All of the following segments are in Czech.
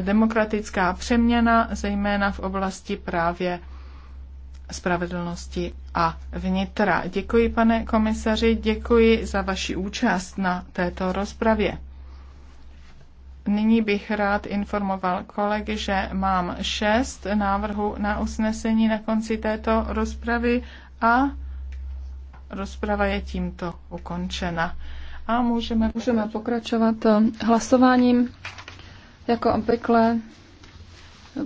demokratická přeměna, zejména v oblasti právě spravedlnosti a vnitra. Děkuji, pane komisaři, děkuji za vaši účast na této rozpravě. Nyní bych rád informoval kolegy, že mám šest návrhů na usnesení na konci této rozpravy a rozprava je tímto ukončena. A můžeme, můžeme pokračovat eh, hlasováním. Jako obvykle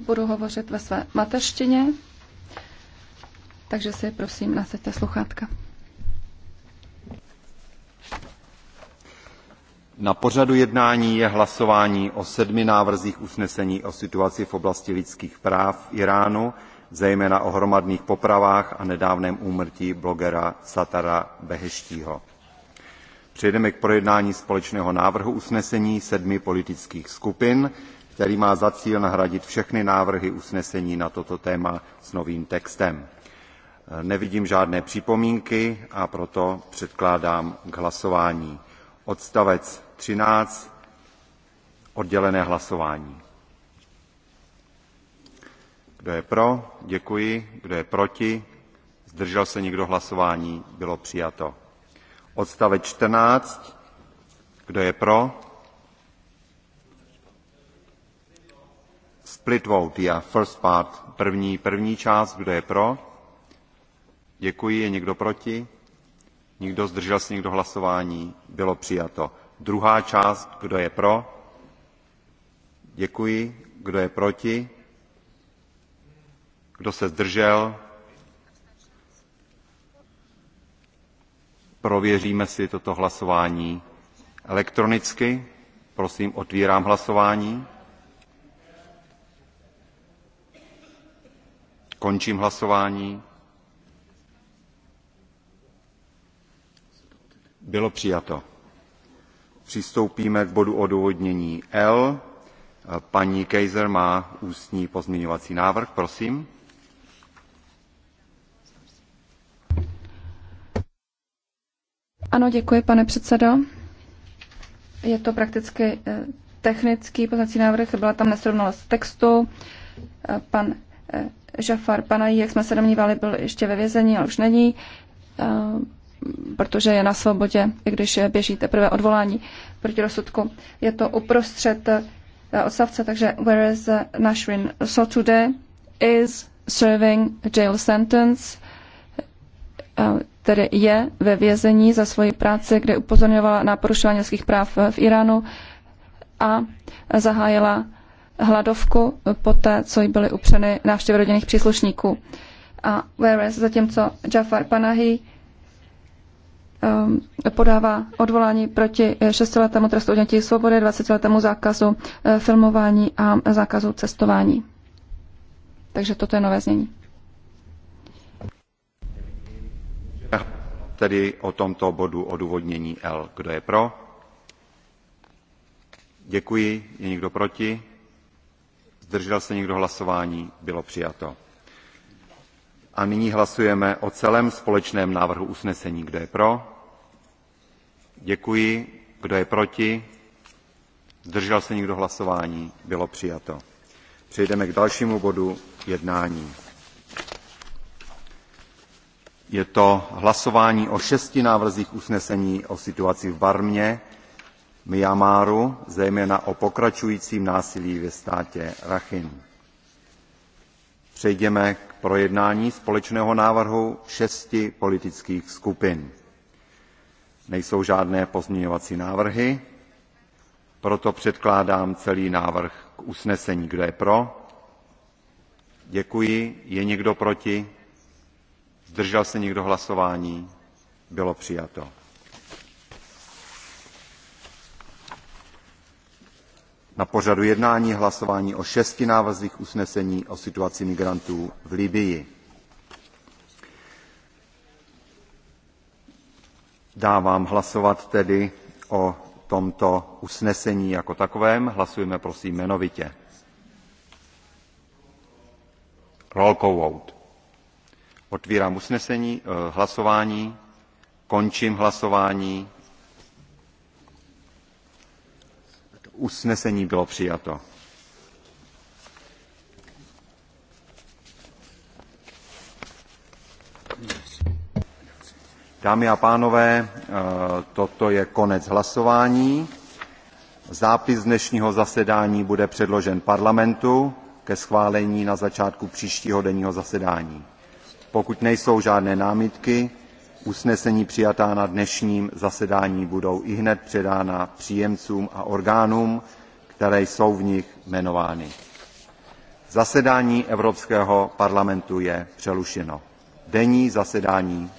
budu hovořit ve své mateřštině, takže si prosím nasaďte sluchátka. Na pořadu jednání je hlasování o sedmi návrzích usnesení o situaci v oblasti lidských práv v Iránu, zejména o hromadných popravách a nedávném úmrtí blogera Satara Beheštího přejdeme k projednání společného návrhu usnesení sedmi politických skupin který má za cíl nahradit všechny návrhy usnesení na toto téma s novým textem. nevidím žádné připomínky a proto předkládám k hlasování odstavec thirteen oddělené hlasování. kdo je pro? děkuji. kdo je proti? zdržel se někdo hlasování? bylo přijato odstavec 14. Kdo je pro? Split vote, yeah, first part, první, první část, kdo je pro? Děkuji, je někdo proti? Nikdo zdržel se někdo hlasování? Bylo přijato. Druhá část, kdo je pro? Děkuji. Kdo je proti? Kdo se zdržel? Prověříme si toto hlasování elektronicky. Prosím, otvírám hlasování. Končím hlasování. Bylo přijato. Přistoupíme k bodu odůvodnění L. Paní Kejzer má ústní pozměňovací návrh, prosím. Ano, děkuji, pane předsedo. Je to prakticky eh, technický pozací návrh, byla tam nesrovnalost textu. Eh, pan eh, Žafar Panají, jak jsme se domnívali, byl ještě ve vězení, ale už není, protože je na svobodě, i když běží teprve odvolání proti rozsudku. Je to uprostřed odstavce, takže whereas Nashrin Sotude is serving a jail sentence, který je ve vězení za svoji práci, kde upozorňovala na porušování lidských práv v Iránu a zahájila hladovku poté, co jí byly upřeny návštěvy rodinných příslušníků. A whereas zatímco Jafar Panahi um, podává odvolání proti šestiletému trestu odnětí svobody, 20-letému zákazu eh, filmování a zákazu cestování. Takže toto je nové znění. tedy o tomto bodu odůvodnění l. kdo je pro? děkuji. je někdo proti? zdržel se někdo hlasování? bylo přijato. a nyní hlasujeme o celém společném návrhu usnesení. kdo je pro? děkuji. kdo je proti? zdržel se někdo hlasování? bylo přijato. přejdeme k dalšímu bodu jednání. Je to hlasování o šesti návrzích usnesení o situaci v Barmě, Myanmaru, zejména o pokračujícím násilí ve státě Rakhine. Přejdeme k projednání společného návrhu šesti politických skupin. Nejsou žádné pozměňovací návrhy, proto předkládám celý návrh k usnesení. Kdo je pro? Děkuji. Je někdo proti? zdržel se někdo hlasování bylo přijato. na pořadu jednání hlasování o šesti návrzích usnesení o situaci migrantů v libyi. dávám hlasovat tedy o tomto usnesení jako takovém Hlasujeme prosím jmenovitě. roll call vote otvírám usnesení eh, hlasování končím hlasování usnesení bylo přijato. dámy a pánové eh, toto je konec hlasování. zápis dnešního zasedání bude předložen parlamentu ke schválení na začátku příštího denního zasedání pokud nejsou žádné námitky usnesení přijatá na dnešním zasedání budou ihned předána příjemcům a orgánům které jsou v nich jmenovány. zasedání evropského parlamentu je přerušeno. denní zasedání skončilo.